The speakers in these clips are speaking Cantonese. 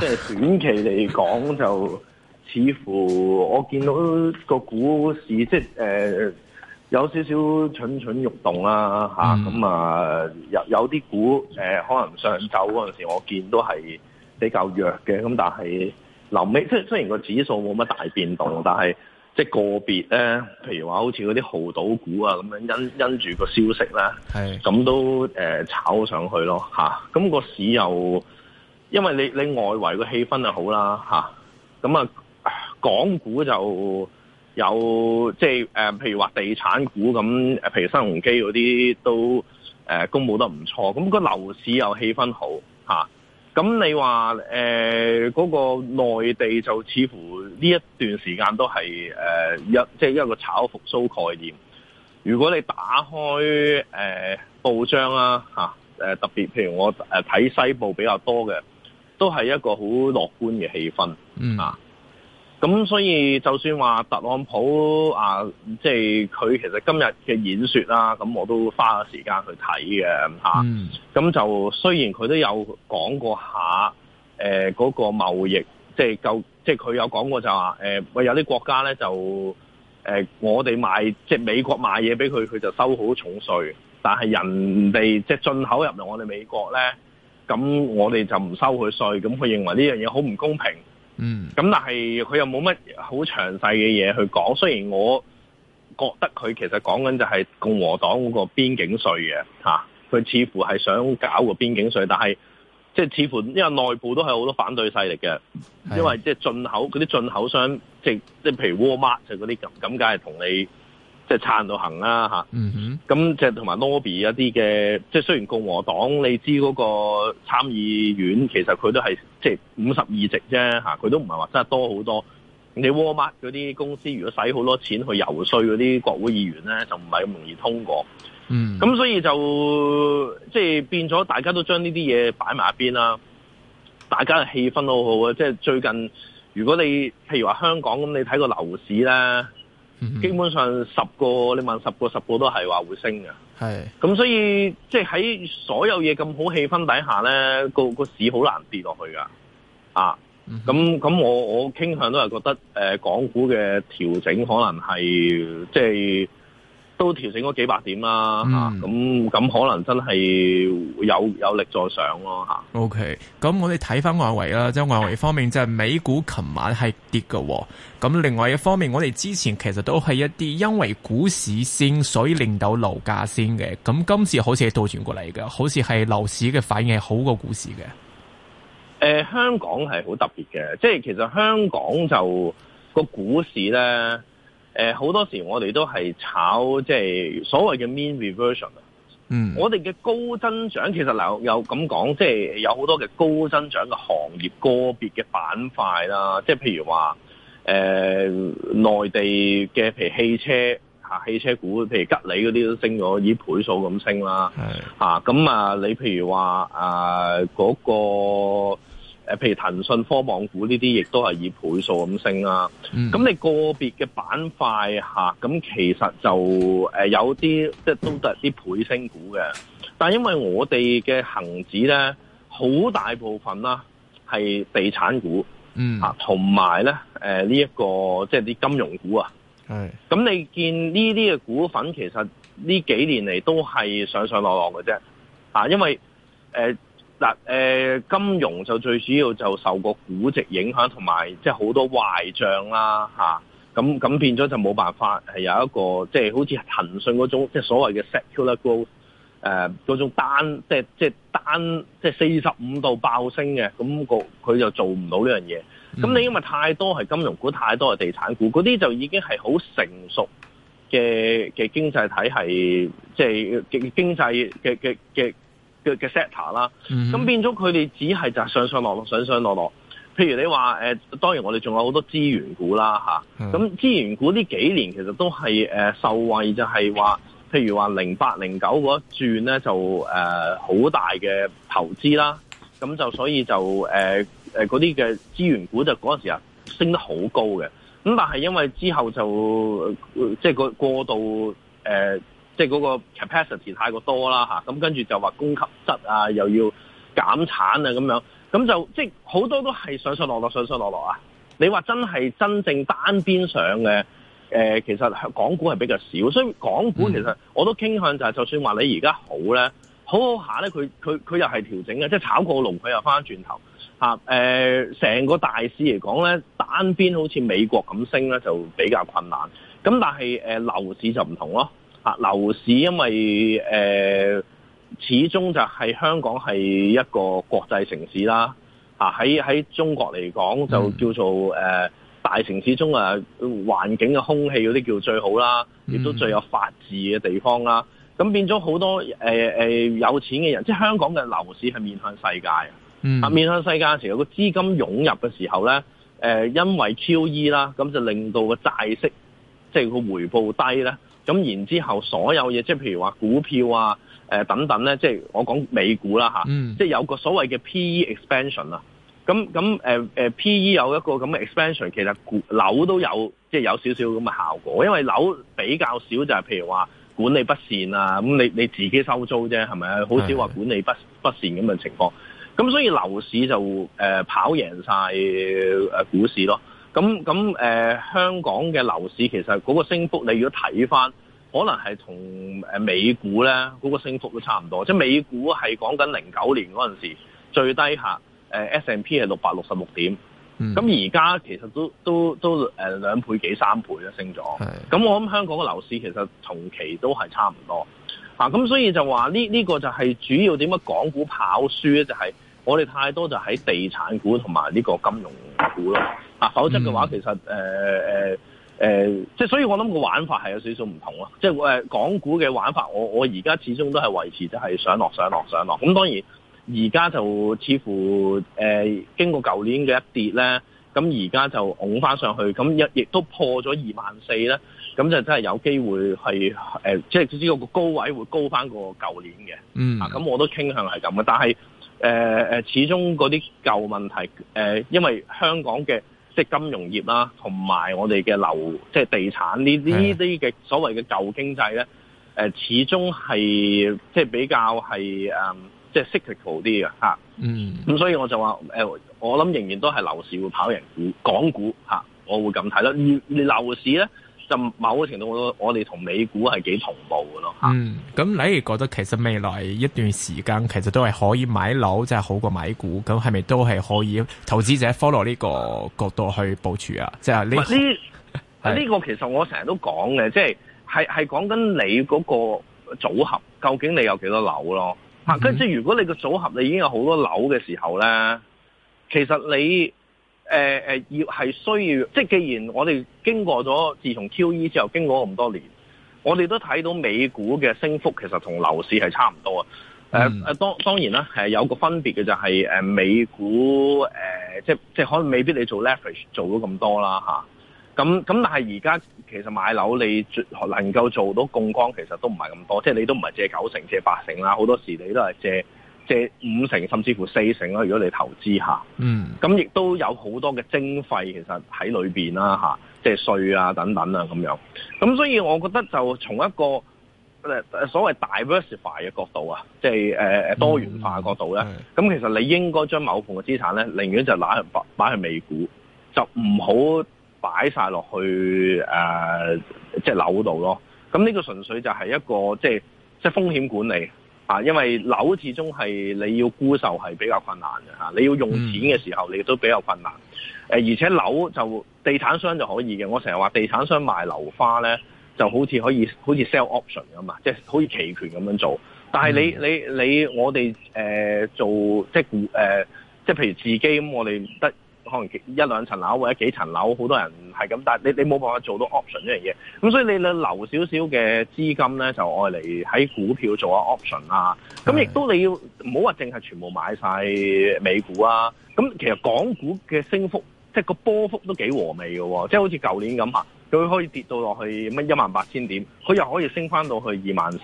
即係 短期嚟講，就似乎我見到個股市，即係、呃、有少少蠢蠢欲動啦，咁啊有有啲股誒、呃、可能上週嗰陣時，我見都係比較弱嘅，咁但係臨尾即係雖然個指數冇乜大變動，但係即係個別咧，譬如話好似嗰啲豪賭股啊咁樣，因，因因住個消息咧，咁是的 都誒、呃、炒上去咯，嚇、啊、咁、個市又。因為你你外圍個氣氛就好啦，咁啊，啊港股就有即係、呃、譬如話地產股咁，譬如新鴻基嗰啲都、呃、公佈得唔錯，咁、嗯那個樓市又氣氛好嚇。咁、啊啊嗯、你話誒嗰個內地就似乎呢一段時間都係、呃、一即一個炒復蘇概念。如果你打開、呃、報章啦、啊啊，特別譬如我誒睇、呃、西報比較多嘅。都係一個好樂觀嘅氣氛，嗯、啊！咁所以就算話特朗普啊，即係佢其實今日嘅演説啦，咁我都花咗時間去睇嘅嚇。咁、啊嗯啊、就雖然佢都有講過一下，誒、呃、嗰、那個貿易，即係夠，即係佢有講過就話，誒、呃、喂有啲國家咧就，誒、呃、我哋賣即係美國賣嘢俾佢，佢就收好重稅，但係人哋即係進口進入嚟我哋美國咧。咁我哋就唔收佢稅，咁佢認為呢樣嘢好唔公平。嗯，咁但係佢又冇乜好詳細嘅嘢去講。雖然我覺得佢其實講緊就係共和黨嗰個邊境稅嘅嚇，佢似乎係想搞個邊境稅，但係即係似乎因為內部都係好多反對勢力嘅，mm. 因為即係進口嗰啲進口商，即即係譬如 Walmart 就嗰啲咁，咁梗係同你。即係撐到行啦，嚇，咁即係同埋 lobby 一啲嘅，即係雖然共和黨你知嗰個參議院其實佢都係即係五十二席啫嚇，佢、啊、都唔係話真係多好多。你 Walmart 嗰啲公司如果使好多錢去游說嗰啲國會議員咧，就唔係咁容易通過。嗯哼，咁所以就即係變咗，大家都將呢啲嘢擺埋一邊啦。大家嘅氣氛好好啊。即係最近如果你譬如話香港咁，你睇個樓市咧。嗯、基本上十個你問十個十個都係話會升嘅，係咁是所以即係喺所有嘢咁好氣氛底下咧，個個市好難跌落去噶，啊，咁咁我我傾向都係覺得誒、呃、港股嘅調整可能係即係。就是都調整咗幾百點啦嚇，咁咁、嗯啊、可能真係有有力再上咯嚇。O K，咁我哋睇翻外圍啦，即係外圍方面，即係美股是跌的、哦，琴晚係跌嘅。咁另外一方面，我哋之前其實都係一啲因為股市先，所以令到樓價先嘅。咁今次好似係倒轉過嚟嘅，好似係樓市嘅反應係好過股市嘅。誒、呃，香港係好特別嘅，即係其實香港就、那個股市咧。誒好多時我哋都係炒即係所謂嘅 mean reversion 嗯，我哋嘅高增長其實嗱又咁講，即係有好多嘅高增長嘅行業個別嘅板塊啦，即係譬如話誒內地嘅譬如汽車、吓、汽車股，譬如吉利嗰啲都升咗以倍數咁升啦，係吓咁啊！你譬如話啊嗰個。譬如騰訊、科網股呢啲，亦都係以倍數咁升啦、啊。咁、嗯、你個別嘅板塊嚇，咁、啊、其實就、呃、有啲即係都得係啲倍升股嘅。但係因為我哋嘅恒指咧，好大部分啦係地產股，嗯同埋咧呢一、呃呢個即係啲金融股啊。咁的你見呢啲嘅股份其實呢幾年嚟都係上上落落嘅啫。啊，因為、呃嗱、呃，金融就最主要就受個估值影響，同埋即係好多壞帳啦、啊、嚇，咁、啊、咁變咗就冇辦法係有一個即係、就是、好似騰訊嗰種即係、就是、所謂嘅 secular growth 誒、呃、嗰種單即係即係單即係四十五度爆升嘅，咁、那個佢就做唔到呢樣嘢。咁、嗯、你因為太多係金融股，太多係地產股，嗰啲就已經係好成熟嘅嘅經濟體系，即係經經濟嘅嘅嘅。嘅嘅 sector 啦，咁變咗佢哋只係就係上上落落、上上落落。譬如你話誒、呃，當然我哋仲有好多資源股啦咁、啊、資源股呢幾年其實都係誒、呃、受惠就08，就係話譬如話零八零九嗰一轉咧就誒好大嘅投資啦，咁就所以就誒嗰啲嘅資源股就嗰時啊升得好高嘅，咁但係因為之後就、呃、即係個過度、呃即係嗰個 capacity 太過多啦嚇，咁跟住就話供給質啊，又要減產啊咁樣，咁就即係好多都係上上落落、上上落落啊。你話真係真正單邊上嘅、呃、其實港股係比較少，所以港股其實我都傾向就係、係、就算話你而家好咧，好好下咧，佢佢佢又係調整嘅，即係炒過龍佢又翻轉頭嚇誒、啊呃、成個大市嚟講咧，單邊好似美國咁升咧就比較困難，咁但係誒、呃、樓市就唔同咯。啊！樓市因為誒、呃，始終就係香港係一個國際城市啦。啊，喺喺中國嚟講就叫做誒、呃、大城市中啊，環境嘅空氣嗰啲叫最好啦，亦都最有法治嘅地方啦。咁變咗好多、呃、有錢嘅人，即係香港嘅樓市係面向世界、嗯、啊！面向世界嘅時候，個資金湧入嘅時候咧、呃，因為 QE 啦，咁就令到個債息即係個回報低咧。咁然之後，所有嘢即係譬如話股票啊，呃、等等咧，即係我講美股啦、mm. 即係有個所謂嘅 PE expansion 啦。咁咁 PE 有一個咁嘅 expansion、呃呃、expansion，其實股樓都有即係有少少咁嘅效果，因為樓比較少就係譬如話管理不善啊，咁你你自己收租啫係咪啊？好少話管理不不善咁嘅情況。咁、mm. 所以樓市就誒、呃、跑贏曬誒股市咯。咁咁誒，香港嘅樓市其實嗰個升幅，你如果睇翻，可能係同美股咧嗰、那個升幅都差唔多，即係美股係講緊零九年嗰陣時最低下、呃、S&P 係六百六十六點，咁而家其實都都都，都兩倍幾三倍咧升咗。咁是我諗香港嘅樓市其實同期都係差唔多咁、啊、所以就話呢呢個就係主要點解港股跑輸咧，就係、是、我哋太多就喺地產股同埋呢個金融股咯。啊、否則嘅話，其實誒誒、呃呃呃、即係所以我諗個玩法係有少少唔同咯。即係、呃、港股嘅玩法，我我而家始終都係維持就係上落上落上落。咁、嗯、當然而家就似乎誒、呃、經過舊年嘅一跌咧，咁而家就拱翻上去，咁亦亦都破咗二萬四咧，咁就真係有機會係、呃、即係只知過個高位會高翻過舊年嘅。嗯、啊，咁我都傾向係咁嘅，但係誒、呃、始終嗰啲舊問題、呃、因為香港嘅。即係金融業啦，同埋我哋嘅樓，即係地產呢啲啲嘅所謂嘅舊經濟咧，誒、呃、始終係即係比較係誒即係 cyclical 啲嘅嚇，嗯，咁、mm. 嗯、所以我就話，我諗仍然都係樓市會跑贏股港股嚇、啊，我會咁睇啦。而而樓市咧。就某個程度，我我哋同美股係幾同步嘅咯。嗯，咁你覺得其實未來一段時間，其實都係可以買樓，即係好過買股。咁係咪都係可以投資者 follow 呢個角度去部署啊？嗯、即係呢呢呢個其實我成日都講嘅，即係係係講緊你嗰個組合，究竟你有幾多樓咯？嚇、嗯嗯啊，跟住如果你個組合你已經有好多樓嘅時候咧，其實你。誒誒、呃、要係需要，即係既然我哋經過咗自從 QE 之後經過咁多年，我哋都睇到美股嘅升幅其實同樓市係差唔多啊！誒誒、嗯呃，當當然啦，係、呃、有個分別嘅就係、是、誒、呃、美股誒、呃，即係即係可能未必你做 leverage 做到咁多啦嚇。咁、啊、咁，但係而家其實買樓你能夠做到槓桿，其實都唔係咁多，即係你都唔係借九成，借八成啦，好多時你都係借。即五成甚至乎四成啦，如果你投資一下，咁亦都有好多嘅徵費，其實喺裏邊啦嚇，即稅啊等等啊咁樣。咁所以我覺得就從一個誒所謂 diversify 嘅角度啊，即係誒多元化嘅角度咧，咁、嗯、其實你應該將某部分嘅資產咧，寧願就擺喺擺喺美股，就唔好擺晒落去誒、呃、即樓度咯。咁呢個純粹就係一個即即風險管理。啊，因為樓始終係你要沽售係比較困難嘅，吓，你要用錢嘅時候你都比較困難。嗯、而且樓就地產商就可以嘅，我成日話地產商賣樓花咧，就好似可以好似 sell option 咁嘛，即係好似期權咁樣做。但係你你你，嗯、你你我哋、呃、做即係誒，即，、呃、即譬如自己咁，我哋得。可能一兩層樓或者幾層樓，好多人係咁，但係你你冇辦法做到 option 呢樣嘢，咁所以你留少少嘅資金咧，就愛嚟喺股票做下 option 啊，咁亦都你要唔好話淨係全部買晒美股啊，咁其實港股嘅升幅，即係個波幅都幾和味嘅喎，即係好似舊年咁佢可以跌到落去乜一萬八千點，佢又可以升翻到去二萬四。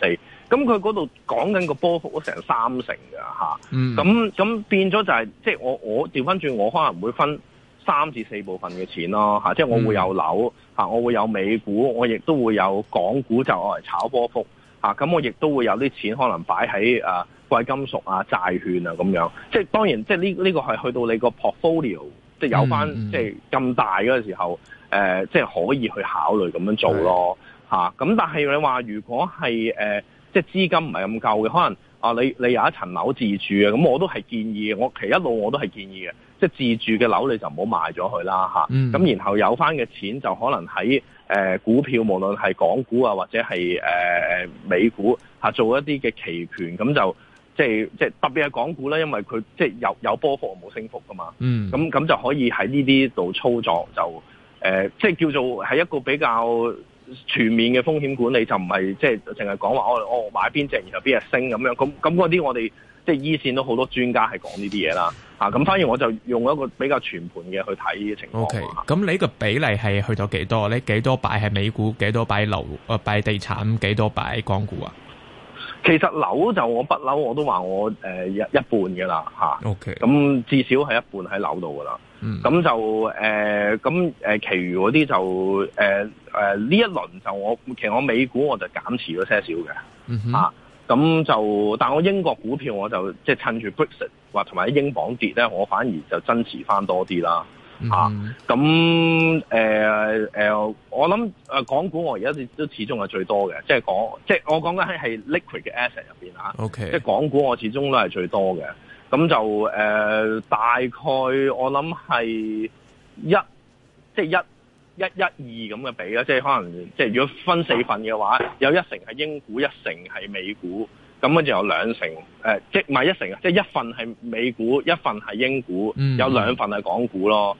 咁佢嗰度講緊個波幅都成三成㗎。咁咁、嗯、變咗就係、是，即係我我調翻轉，我可能會分三至四部分嘅錢咯。即係我會有樓、嗯、我會有美股，我亦都會有港股就攞嚟炒波幅。咁、啊、我亦都會有啲錢可能擺喺誒貴金屬啊、債券啊咁樣。即係當然，即係呢呢個係、這個、去到你個 portfolio，即係有翻、嗯、即係咁大嘅時時候。誒、呃，即係可以去考慮咁樣做咯，咁是但係你話，如果係、呃、即係資金唔係咁夠嘅，可能啊，你你有一層樓自住嘅，咁我都係建議，我其一路我都係建議嘅，即係自住嘅樓你就唔好賣咗佢啦，嚇、嗯。咁然後有返嘅錢就可能喺誒、呃、股票，無論係港股啊或者係誒、呃、美股、啊、做一啲嘅期權，咁就即係即係特別係港股咧、啊，因為佢即係有有波幅冇升幅噶嘛，嗯，咁咁就可以喺呢啲度操作就。誒、呃，即係叫做係一個比較全面嘅風險管理，就唔係即係淨係講話我我買邊隻，然後邊日升咁樣。咁咁嗰啲我哋即係二線都好多專家係講呢啲嘢啦。嚇、啊，咁、啊、反而我就用一個比較全盤嘅去睇呢啲情況。OK，咁你個比例係去到幾多？你幾多擺係美股？幾多擺樓？誒、呃，擺地產？幾多擺港股啊？其實樓就我不嬲我都話我一說我、呃、一,一半嘅啦 Okay. 咁至少係一半喺樓度噶啦，咁、mm. 就咁、呃呃、其餘嗰啲就呢、呃呃、一輪就我其實我美股我就減持咗些少嘅，咁、mm hmm. 啊、就但係我英國股票我就即係趁住 Brexit 或同埋英鎊跌咧，我反而就增持翻多啲啦。啊，咁誒誒，我諗誒港股我而家都始終係最多嘅，即係講即係我講緊嘅係係 liquid 嘅 asset 入邊啊。OK，即係港股我始終都係最多嘅。咁就誒、呃、大概我諗係一即係一一一,一二咁嘅比啦，即係可能即係如果分四份嘅話，有一成係英股，一成係美股，咁跟住有兩成誒即唔係一成，即係一份係美股，一份係英股，有兩份係港股咯。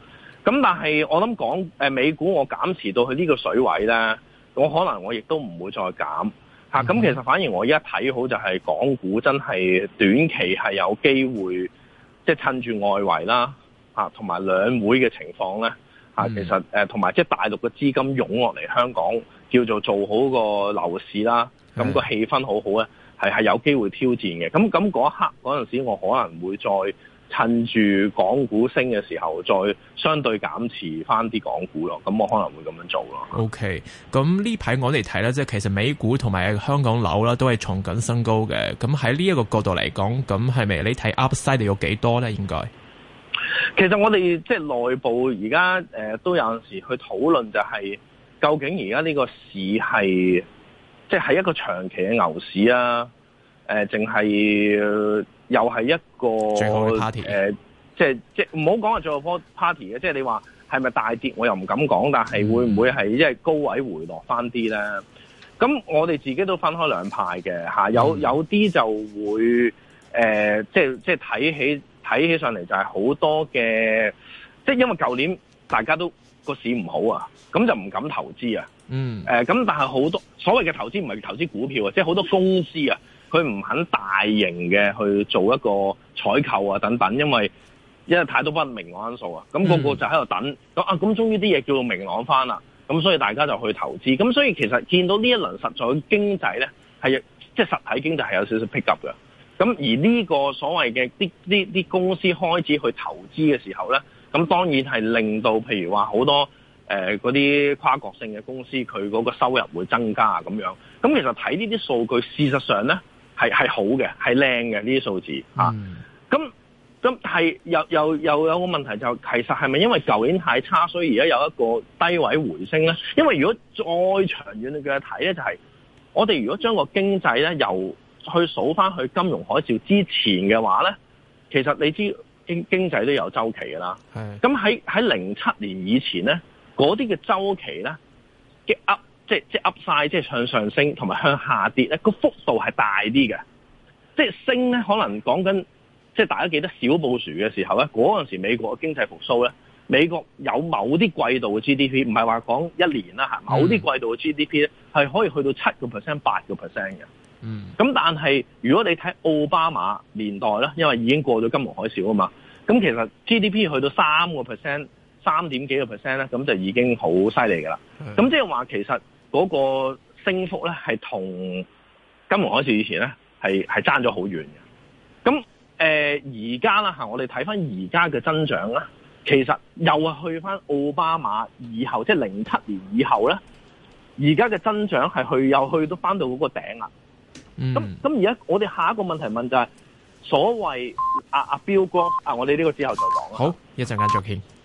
咁但係我諗講、呃、美股我減持到去呢個水位咧，我可能我亦都唔會再減咁、啊、其實反而我一睇好就係港股真係短期係有機會，即係趁住外圍啦，啊，同埋兩會嘅情況咧、啊，其實同埋即係大陸嘅資金湧落嚟香港，叫做做好個樓市啦，咁個氣氛好好咧，係係有機會挑戰嘅。咁咁嗰一刻嗰陣時，我可能會再。趁住港股升嘅時候，再相對減持翻啲港股咯。咁我可能會咁樣做咯。OK。咁呢排我哋睇呢即係其實美股同埋香港樓啦，都係重緊新高嘅。咁喺呢一個角度嚟講，咁係咪你睇 Upside 有幾多咧？應該其實我哋即係內部而家、呃、都有陣時去討論、就係，就係究竟而家呢個市係即係一個長期嘅牛市啊？誒、呃，淨係。又係一個 party 誒、呃，即係即係唔好講話做個 party 嘅，即係你話係咪大跌？我又唔敢講，但係會唔會係因為高位回落翻啲咧？咁、嗯、我哋自己都分開兩派嘅、啊、有有啲就會誒、呃，即係即係睇起睇起上嚟就係好多嘅，即係因為舊年大家都個市唔好啊，咁就唔敢投資啊。嗯、呃。咁但係好多所謂嘅投資唔係投資股票啊，即係好多公司啊。佢唔肯大型嘅去做一個採購啊等等，因為因為太多不明朗因素啊，咁、那個個就喺度等咁啊，咁終於啲嘢叫做明朗翻啦，咁所以大家就去投資，咁所以其實見到呢一輪實在經濟呢，係即係實體經濟係有少少 pick up 嘅，咁而呢個所謂嘅啲啲啲公司開始去投資嘅時候呢，咁當然係令到譬如話好多誒嗰啲跨國性嘅公司佢嗰個收入會增加咁樣，咁其實睇呢啲數據，事實上呢。係係好嘅，係靚嘅呢啲數字吓。咁咁係又又又有個問題就係、其實係咪因為舊年太差，所以而家有一個低位回升咧？因為如果再長遠嘅睇咧，就係、是、我哋如果將個經濟咧由去數翻去金融海嘯之前嘅話咧，其實你知經,經,經濟都有周期㗎啦。咁喺喺零七年以前咧，嗰啲嘅周期咧嘅即係即係 Upside，即係向上升同埋向下跌咧，個幅度係大啲嘅。即係升咧，可能講緊即係大家記得小布殊嘅時候咧，嗰陣時美國嘅經濟復甦咧，美國有某啲季度嘅 GDP，唔係話講一年啦嚇，某啲季度嘅 GDP 咧係可以去到七個 percent、八個 percent 嘅。嗯。咁、mm. 但係如果你睇奧巴馬年代咧，因為已經過咗金融海嘯啊嘛，咁其實 GDP 去到三個 percent、三點幾個 percent 咧，咁就已經好犀利㗎啦。咁即係話其實。嗰個升幅咧，係同金融海嘯以前咧，係係爭咗好遠嘅。咁誒，而家啦吓，我哋睇翻而家嘅增長啦，其實又係去翻奧巴馬以後，即係零七年以後咧，而家嘅增長係去又去都到翻到嗰個頂啦。嗯。咁咁而家，我哋下一個問題問就係、是，所謂阿、啊、阿、啊、彪哥，啊，我哋呢個之後再講。好，一陣間再見。